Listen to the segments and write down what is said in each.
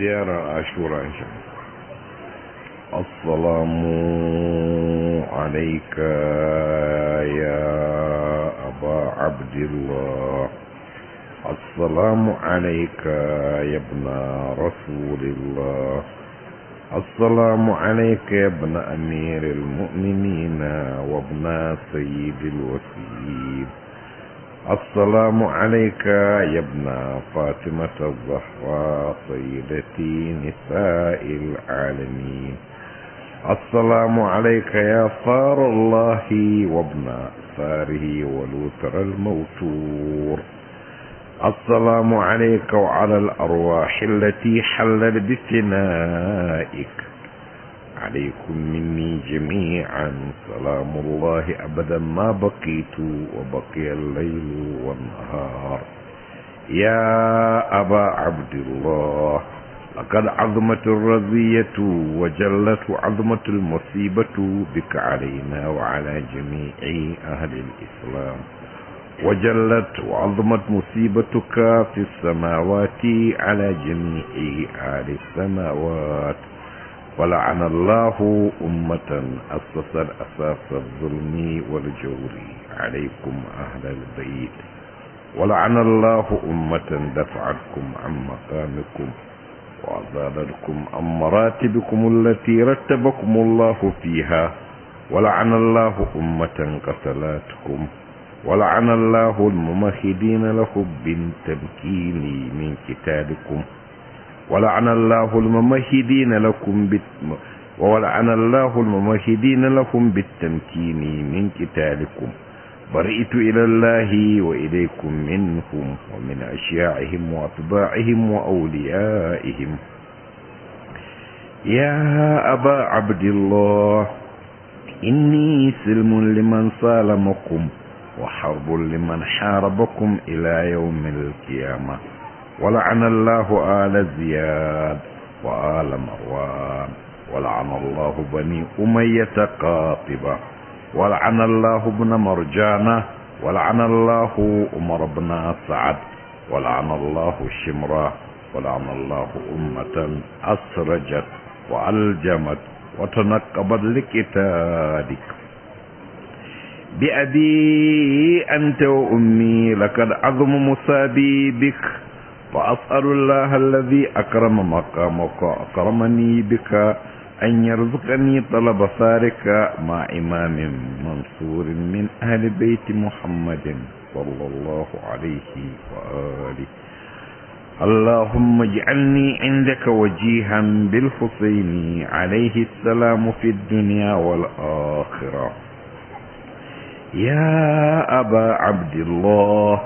زيارة عاشوراء إن شاء الله السلام عليك يا أبا عبد الله السلام عليك يا ابن رسول الله السلام عليك يا ابن أمير المؤمنين وابن سيد الوسيم السلام عليك يا ابن فاطمة الزهراء سيدتي نساء العالمين السلام عليك يا صار الله وابن ساره ولوتر الموتور السلام عليك وعلى الأرواح التي حلت بثنائك عليكم مني جميعا سلام الله أبدا ما بقيت وبقي الليل والنهار يا أبا عبد الله لقد عظمت الرزية وجلت عظمت المصيبة بك علينا وعلى جميع أهل الإسلام وجلت عظمت مصيبتك في السماوات على جميع أهل السماوات ولعن الله أمة أسست أساس الظلم والجور عليكم أهل البيت ولعن الله أمة دفعتكم عن مقامكم وأضالتكم عن مراتبكم التي رتبكم الله فيها ولعن الله أمة قتلاتكم ولعن الله الممهدين لكم بالتمكين من كتابكم ولعن الله الممهدين لكم بت... ولعن الله الممهدين لكم بالتمكين من قتالكم برئت إلى الله وإليكم منهم ومن أشياعهم وأتباعهم وأوليائهم يا أبا عبد الله إني سلم لمن صالمكم وحرب لمن حاربكم إلى يوم القيامة ولعن الله آل زياد وآل مروان ولعن الله بني أمية قاطبة ولعن الله ابن مرجانة ولعن الله عمر بن سعد ولعن الله الشمرة ولعن الله أمة أسرجت وألجمت وتنقبت لكتابك بأبي أنت وأمي لقد عظم مصابي بك وأسأل الله الذي أكرم مقامك وأكرمني بك أن يرزقني طلب ثارك مع إمام منصور من أهل بيت محمد صلى الله عليه وآله اللهم اجعلني عندك وجيها بالحسين عليه السلام في الدنيا والآخرة يا أبا عبد الله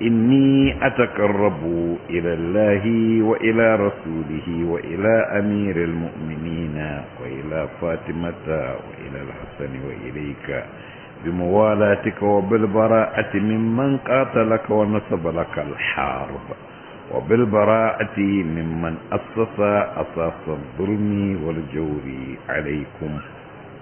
إني أتقرب إلى الله وإلى رسوله وإلى أمير المؤمنين وإلى فاطمة وإلى الحسن وإليك بموالاتك وبالبراءة ممن قاتلك ونصب لك الحرب وبالبراءة ممن أسس أساس الظلم والجور عليكم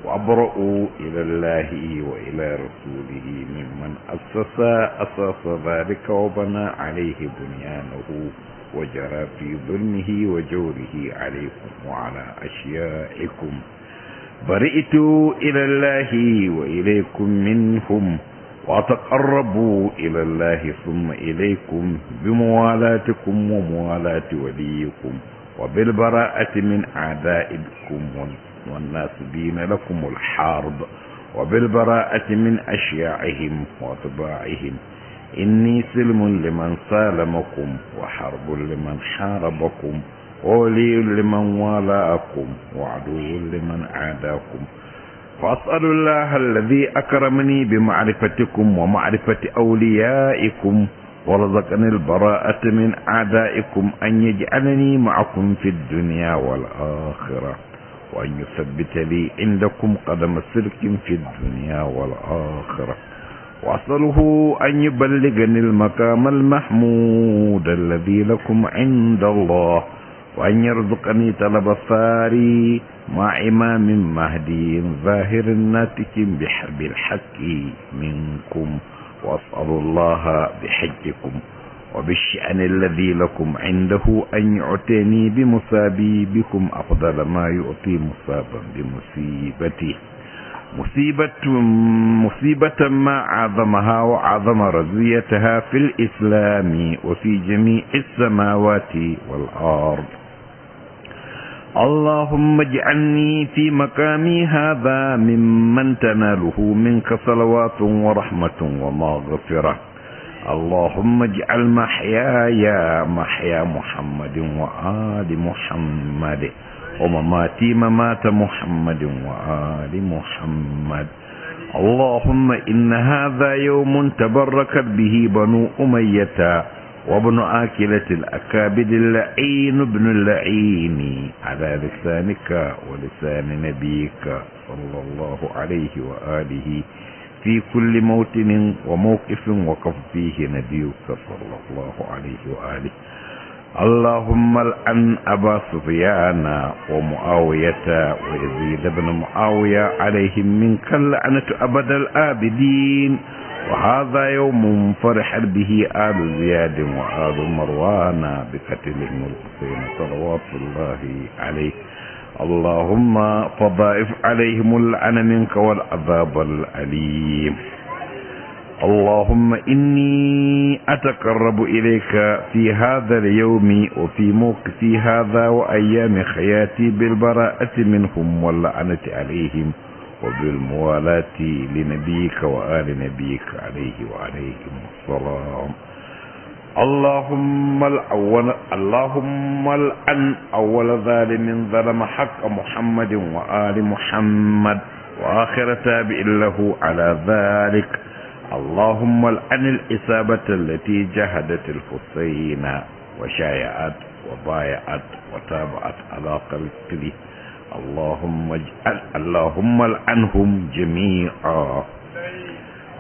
وأبرأ إلى الله وإلى رسوله ممن أسس أساس ذلك وبنى عليه بنيانه وجرى في ظلمه وجوره عليكم وعلى أشيائكم برئت إلى الله وإليكم منهم وتقربوا إلى الله ثم إليكم بموالاتكم وموالاة وليكم وبالبراءة من أعدائكم والسلام والناس دين لكم الحارب وبالبراءة من أشياعهم وطباعهم إني سلم لمن سالمكم وحرب لمن حاربكم ولي لمن والاكم وعدو لمن عاداكم فأسأل الله الذي أكرمني بمعرفتكم ومعرفة أوليائكم ورزقني البراءة من أعدائكم أن يجعلني معكم في الدنيا والآخرة وأن يثبت لي عندكم قدم صدق في الدنيا والآخرة وأصله أن يبلغني المقام المحمود الذي لكم عند الله وأن يرزقني طلب الثاري مع إمام مهدي ظاهر ناتك بحرب الحق منكم وأسأل الله بحجكم وبالشأن الذي لكم عنده أن يعطيني بمصابي بكم أفضل ما يعطي مصابا بمصيبتي مصيبة مصيبة ما عظمها وعظم رزيتها في الإسلام وفي جميع السماوات والأرض اللهم اجعلني في مقامي هذا ممن تناله منك صلوات ورحمة ومغفره اللهم اجعل محياي محيا محمد وآل محمد ومماتي ممات محمد وآل محمد اللهم إن هذا يوم تبركت به بنو أمية وابن آكلة الأكابد اللعين ابن اللعين على لسانك ولسان نبيك صلى الله عليه وآله وسلم في كل موطن وموقف وقف فيه نبيك صلى الله عليه وآله اللهم الآن أبا سفيان ومعاوية ويزيد بن معاوية عليهم منك اللعنة أبد الآبدين وهذا يوم فرح به آل زياد وآل مروان بقتلهم الحسين صلوات الله عليه اللهم فضائف عليهم العن منك والعذاب الأليم اللهم إني أتقرب إليك في هذا اليوم وفي موقفي هذا وأيام حياتي بالبراءة منهم واللعنة عليهم وبالموالاة لنبيك وآل نبيك عليه وعليهم السلام اللهم الأول اللهم الأن أول ظالم ظلم حق محمد وآل محمد وآخر تابع له على ذلك اللهم الأن الإصابة التي جهدت الحسين وشايعت وبايعت وتابعت على قلبه اللهم اجعل اللهم الأنهم جميعا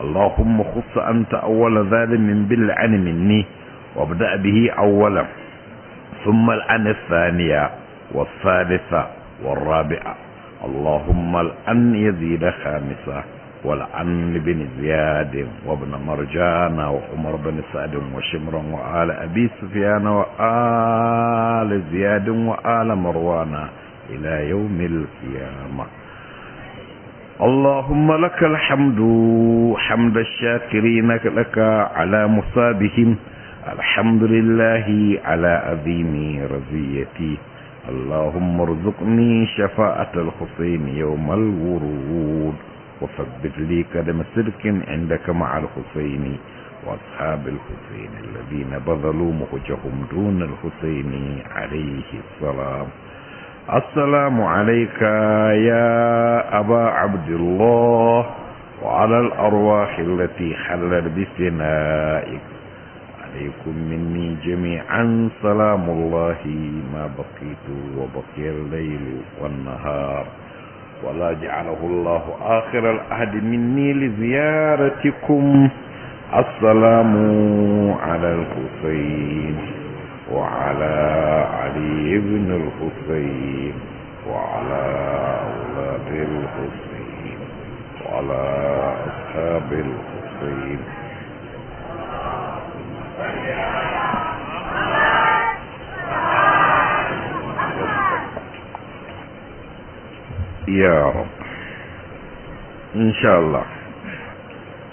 اللهم خص أنت أول ظالم بالعن مني وابدأ به أولا ثم الآن الثانية والثالثة والرابعة اللهم الآن يزيد خامسة والآن بن زياد وابن مرجان وعمر بن سعد وشمر وآل أبي سفيان وآل زياد وآل مروان إلى يوم القيامة اللهم لك الحمد حمد الشاكرين لك على مصابهم الحمد لله على عظيم رزيتي اللهم ارزقني شفاعة الحسين يوم الورود وثبت لي قدم صدق عندك مع الحسين وأصحاب الحسين الذين بذلوا مخجهم دون الحسين عليه السلام السلام عليك يا أبا عبد الله وعلى الأرواح التي حلت بثنائك عليكم مني جميعا سلام الله ما بقيت وبقي الليل والنهار ولا جعله الله آخر العهد مني لزيارتكم السلام على الحسين وعلى علي بن الحسين وعلى أولاد الحسين وعلى أصحاب الحسين يا رب ان شاء الله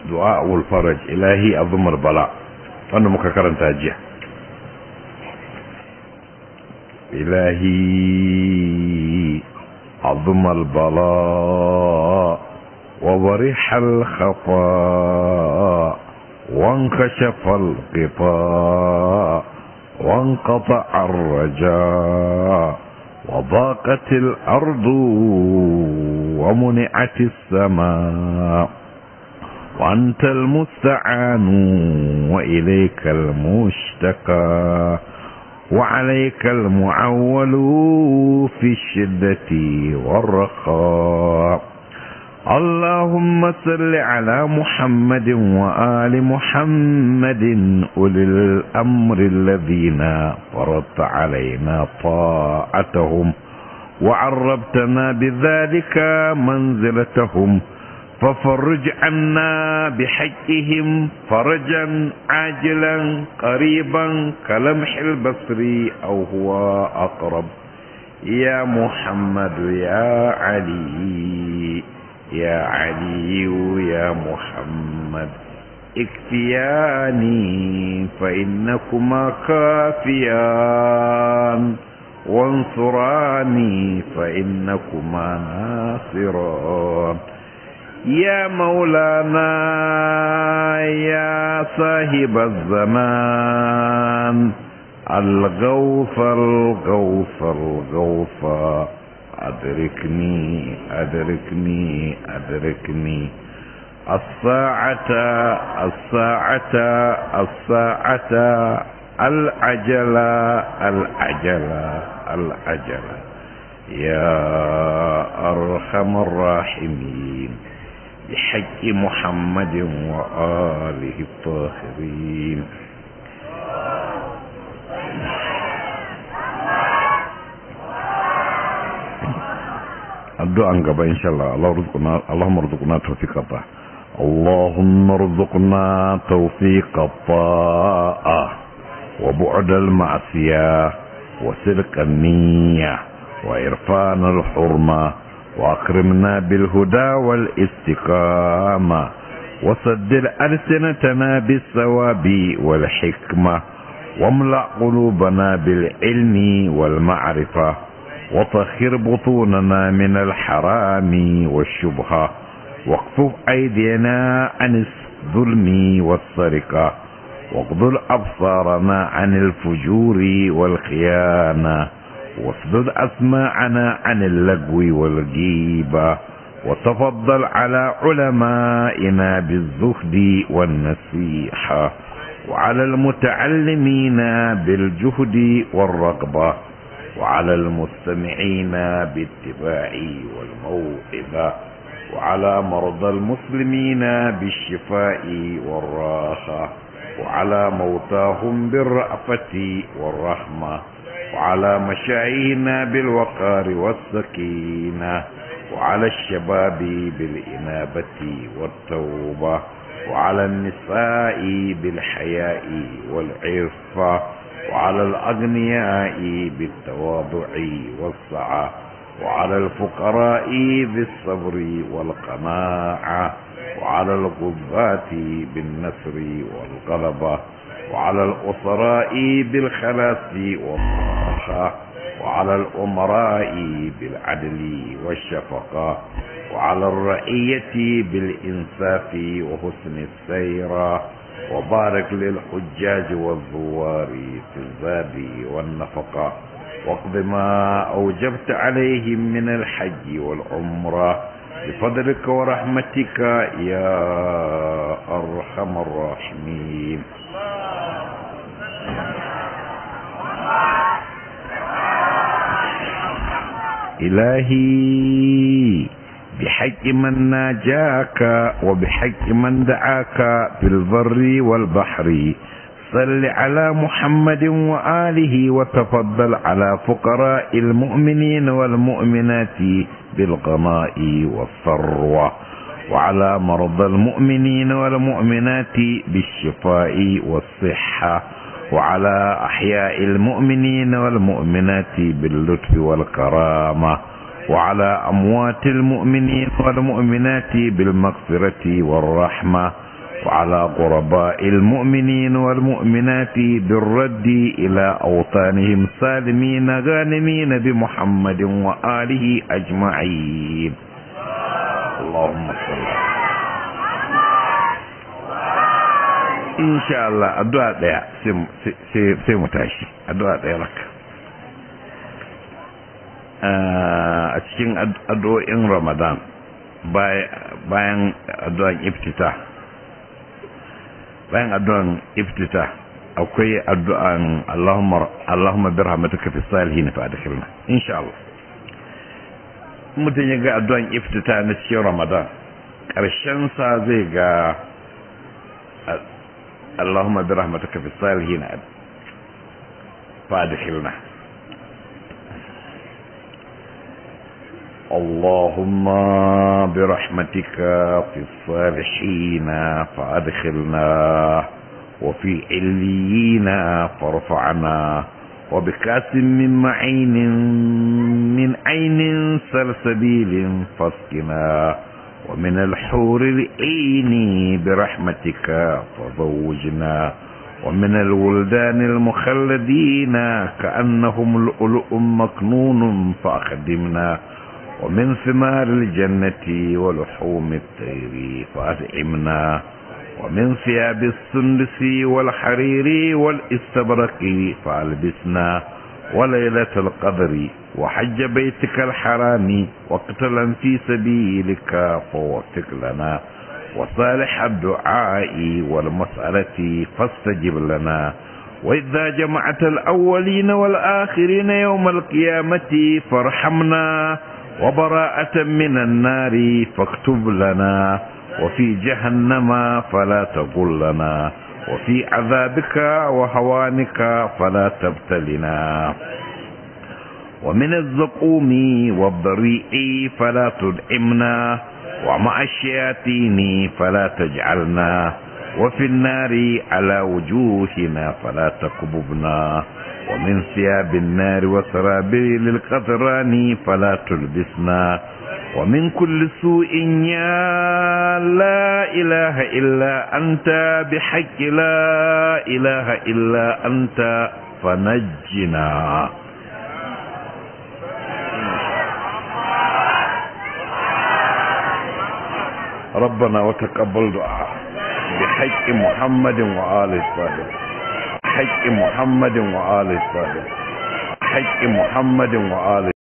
دعاء والفرج الهي أضمر بلاء انا مكرر تاجيه إلهي عظم البلاء وبرح الخطاء وانكشف القطاء وانقطع الرجاء وضاقت الأرض ومنعت السماء وأنت المستعان وإليك المشتكى وعليك المعول في الشدة والرخاء اللهم صل على محمد وآل محمد أولي الأمر الذين فرضت علينا طاعتهم وعربتنا بذلك منزلتهم ففرج عنا بحقهم فرجا عاجلا قريبا كلمح البصر أو هو أقرب يا محمد يا علي يا علي يا محمد اكفياني فإنكما كافيان وانصراني فإنكما ناصران يا مولانا يا صاحب الزمان الغوث الغوث الغوث أدركني أدركني أدركني الساعة الساعة الساعة العجلة العجلة العجلة يا أرحم الراحمين لحي محمد وآله الطاهرين الدعاء ان غبا ان شاء الله الله رزقنا اللهم ارزقنا توفيق الطاعة اللهم ارزقنا توفيق الطاعة وبعد المعصية وسلك النية وإرفان الحرمة واكرمنا بالهدى والاستقامه وصدر ألسنتنا بالثواب والحكمة واملأ قلوبنا بالعلم والمعرفة وطهر بطوننا من الحرام والشبهة واكفف أيدينا عن الظلم والسرقة واقضل أبصارنا عن الفجور والخيانة واسدد أسماعنا عن اللجو والجيبة وتفضل على علمائنا بالزهد والنصيحة وعلى المتعلمين بالجهد والرغبة وعلى المستمعين باتباع والموئبة وعلى مرضى المسلمين بالشفاء والراحة وعلى موتاهم بالرأفة والرحمة وعلى مشايخنا بالوقار والسكينة وعلى الشباب بالإنابة والتوبة وعلى النساء بالحياء والعفة وعلى الأغنياء بالتواضع والسعة وعلى الفقراء بالصبر والقناعة وعلى القضاة بالنصر والغلبة وعلى الأسراء بالخلاص والراحة وعلى الأمراء بالعدل والشفقة وعلى الرعية بالإنصاف وحسن السيرة وبارك للحجاج والزوار في الزاد والنفقة واقض ما أوجبت عليهم من الحج والعمرة بفضلك ورحمتك يا أرحم الراحمين إلهي بحق من ناجاك وبحق من دعاك بالبر والبحر صل على محمد وآله وتفضل على فقراء المؤمنين والمؤمنات بالغناء والثروة وعلى مرضى المؤمنين والمؤمنات بالشفاء والصحة وعلى أحياء المؤمنين والمؤمنات باللطف والكرامة وعلى أموات المؤمنين والمؤمنات بالمغفرة والرحمة وعلى غرباء المؤمنين والمؤمنات بالرد إلى أوطانهم سالمين غانمين بمحمد وآله أجمعين اللهم صل insha Allah addu'a daya sai sai mu tashi addu'a daya raka a cikin addu'o'in Ramadan bayan addu'an iftita bayan addu'an iftita akwai addu'an Allahumma Allahumma birhamatuka fi salihin fa adkhilna insha Allah mutane ga addu'an iftita na cikin Ramadan karshen sa zai ga اللهم برحمتك في الصالحين فادخلنا اللهم برحمتك في الصالحين فادخلنا وفي عليين فارفعنا وبكاس من معين من عين سلسبيل فاسقنا ومن الحور العين برحمتك فزوجنا ومن الولدان المخلدين كأنهم لؤلؤ مكنون فأخدمنا ومن ثمار الجنة ولحوم الطير فأطعمنا ومن ثياب السندس والحرير والاستبرق فألبسنا وليلة القدر وحج بيتك الحرام وقتلا في سبيلك فوفق لنا وصالح الدعاء والمسألة فاستجب لنا وإذا جمعت الأولين والآخرين يوم القيامة فارحمنا وبراءة من النار فاكتب لنا وفي جهنم فلا تقل لنا وفي عذابك وهوانك فلا تبتلنا ومن الزقوم والضريع فلا تدعمنا ومع الشياطين فلا تجعلنا وفي النار على وجوهنا فلا تكببنا ومن ثياب النار وسرابيل للقطران فلا تلبسنا ومن كل سوء يا لا إله إلا أنت بحق لا إله إلا أنت فنجنا ربنا وتقبل دعاء بحق محمد وآل الطاهر حق محمد وآل الطاهر حق محمد وآل